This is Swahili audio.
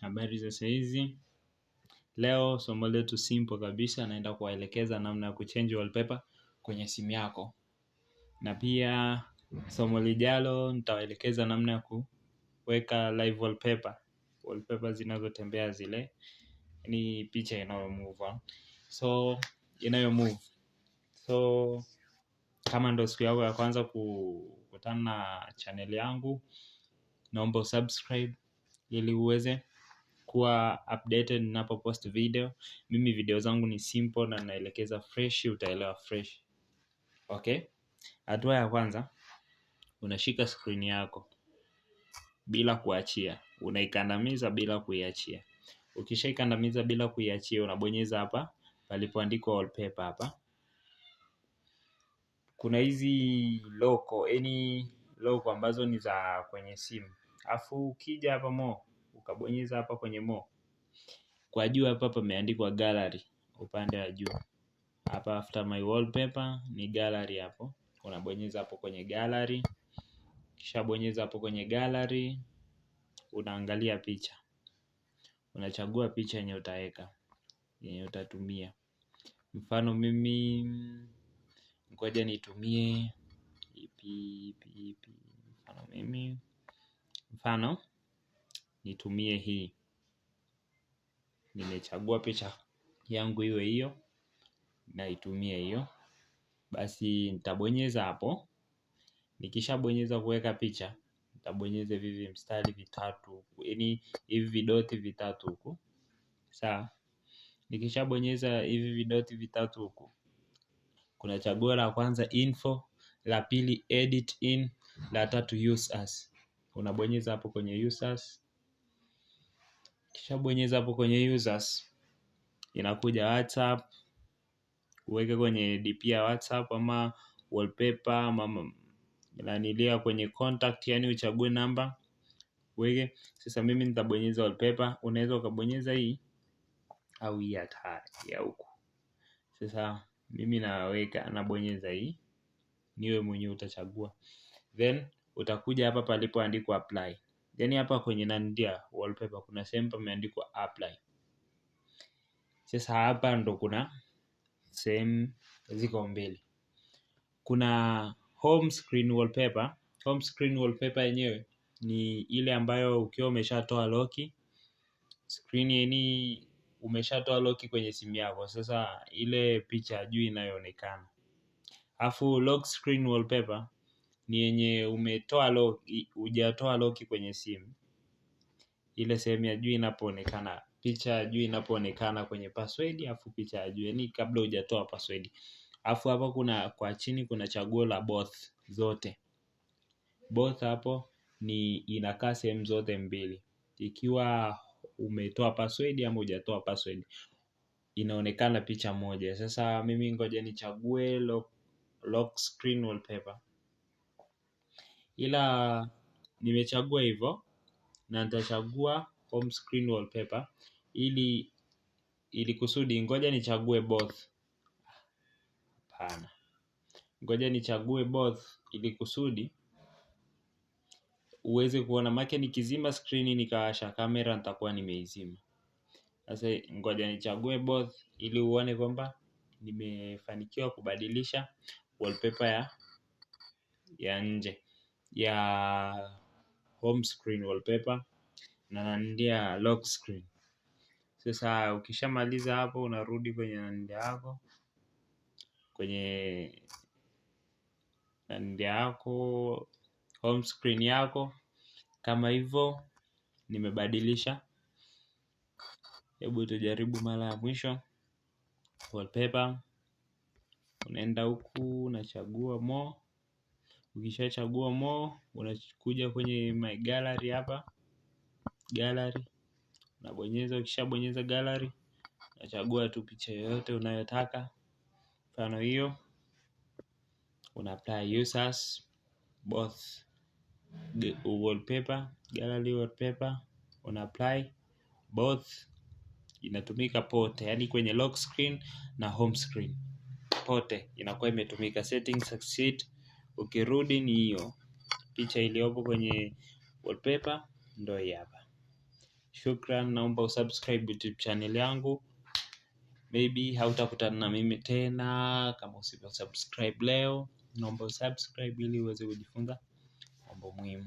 habari za saizi Leo somo letu simple kabisa naenda kuwaelekeza namna ya kuchange wallpaper kwenye simu yako na pia somo lijalo nitawaelekeza namna ya kuweka live wallpaper, wallpaper zinazotembea zile, ni picha inayo move So inayo move. So kama ndo siku yako ya kwanza kukutana na channel yangu, naomba usubscribe ili uweze kuwa updated post video. Mimi video zangu ni simple na naelekeza fresh, utaelewa fresh. Okay? Hatua ya kwanza unashika screen yako bila kuachia, unaikandamiza bila kuiachia. Ukishaikandamiza bila kuiachia, unabonyeza hapa palipoandikwa wallpaper hapa. Kuna hizi loko, any loko ambazo ni za kwenye simu, afu ukija hapa mo ukabonyeza hapa kwenye more. Kwa juu hapa pameandikwa gallery upande wa juu hapa, after my wallpaper ni gallery hapo, unabonyeza hapo kwenye gallery. Kisha bonyeza hapo kwenye gallery, unaangalia picha, unachagua picha yenye utaweka yenye utatumia. Mfano mimi ngoja nitumie ipi ipi ipi, mfano mimi mfano nitumie hii. Nimechagua picha yangu iwe hiyo na itumie hiyo. Basi nitabonyeza hapo. Nikishabonyeza kuweka picha, nitabonyeza hivi mstari vitatu, yaani hivi vidoti vitatu huku. Sawa? Nikishabonyeza hivi vidoti vitatu huku. Kuna chaguo la kwanza info, la pili edit in, la tatu use as. Unabonyeza hapo kwenye use as bonyeza hapo kwenye users, inakuja WhatsApp, uweke kwenye DP ya WhatsApp ama wallpaper ama nanilia kwenye contact, yani uchague namba uweke. Sasa mimi nitabonyeza wallpaper, unaweza ukabonyeza hii au hii hata ya huku. Sasa mimi naweka nabonyeza hii, niwe mwenyewe utachagua, then utakuja hapa palipoandikwa apply Then yaani hapa kwenye nandia wallpaper kuna sehemu pameandikwa apply. Sasa hapa ndo kuna sehemu ziko mbili. Kuna home screen wallpaper. Home screen wallpaper yenyewe ni ile ambayo ukiwa umeshatoa loki screen yani umeshatoa loki kwenye simu yako, sasa ile picha juu inayoonekana. Afu lock screen wallpaper ni yenye umetoa lock, hujatoa lock kwenye simu, ile sehemu ya juu inapoonekana picha ya juu inapoonekana kwenye password, afu picha ya juu yani kabla hujatoa password, afu hapo kuna kwa chini kuna chaguo la both zote. Both hapo ni inakaa sehemu zote mbili, ikiwa umetoa password ama hujatoa password inaonekana picha moja. Sasa mimi ngoja nichague lock, lock screen wallpaper ila nimechagua hivyo na nitachagua home screen wallpaper ili ili kusudi ngoja nichague both. Hapana, ngoja nichague both ili kusudi uweze kuona, make nikizima skrini nikawasha kamera nitakuwa nimeizima. Sasa ngoja nichague both ili uone kwamba nimefanikiwa kubadilisha wallpaper ya ya nje ya home screen wallpaper na nandia lock screen. Sasa ukishamaliza hapo, unarudi kwenye nandia yako kwenye nandia yako home screen yako kama hivyo nimebadilisha. Hebu tujaribu mara ya mwisho wallpaper, unaenda huku unachagua more Ukishachagua more, unakuja kwenye my gallery hapa, gallery unabonyeza. Ukishabonyeza gallery, unachagua tu picha yoyote unayotaka, mfano hiyo, una apply users both wallpaper, gallery wallpaper, una apply both. Inatumika pote, yani kwenye lock screen na home screen pote inakuwa imetumika. Settings succeed Ukirudi ni hiyo picha iliyopo kwenye wallpaper ndo hii hapa. Shukran, naomba usubscribe YouTube channel yangu. Maybe hautakutana na mimi tena kama usipo subscribe leo. Naomba usubscribe ili uweze kujifunza mambo muhimu.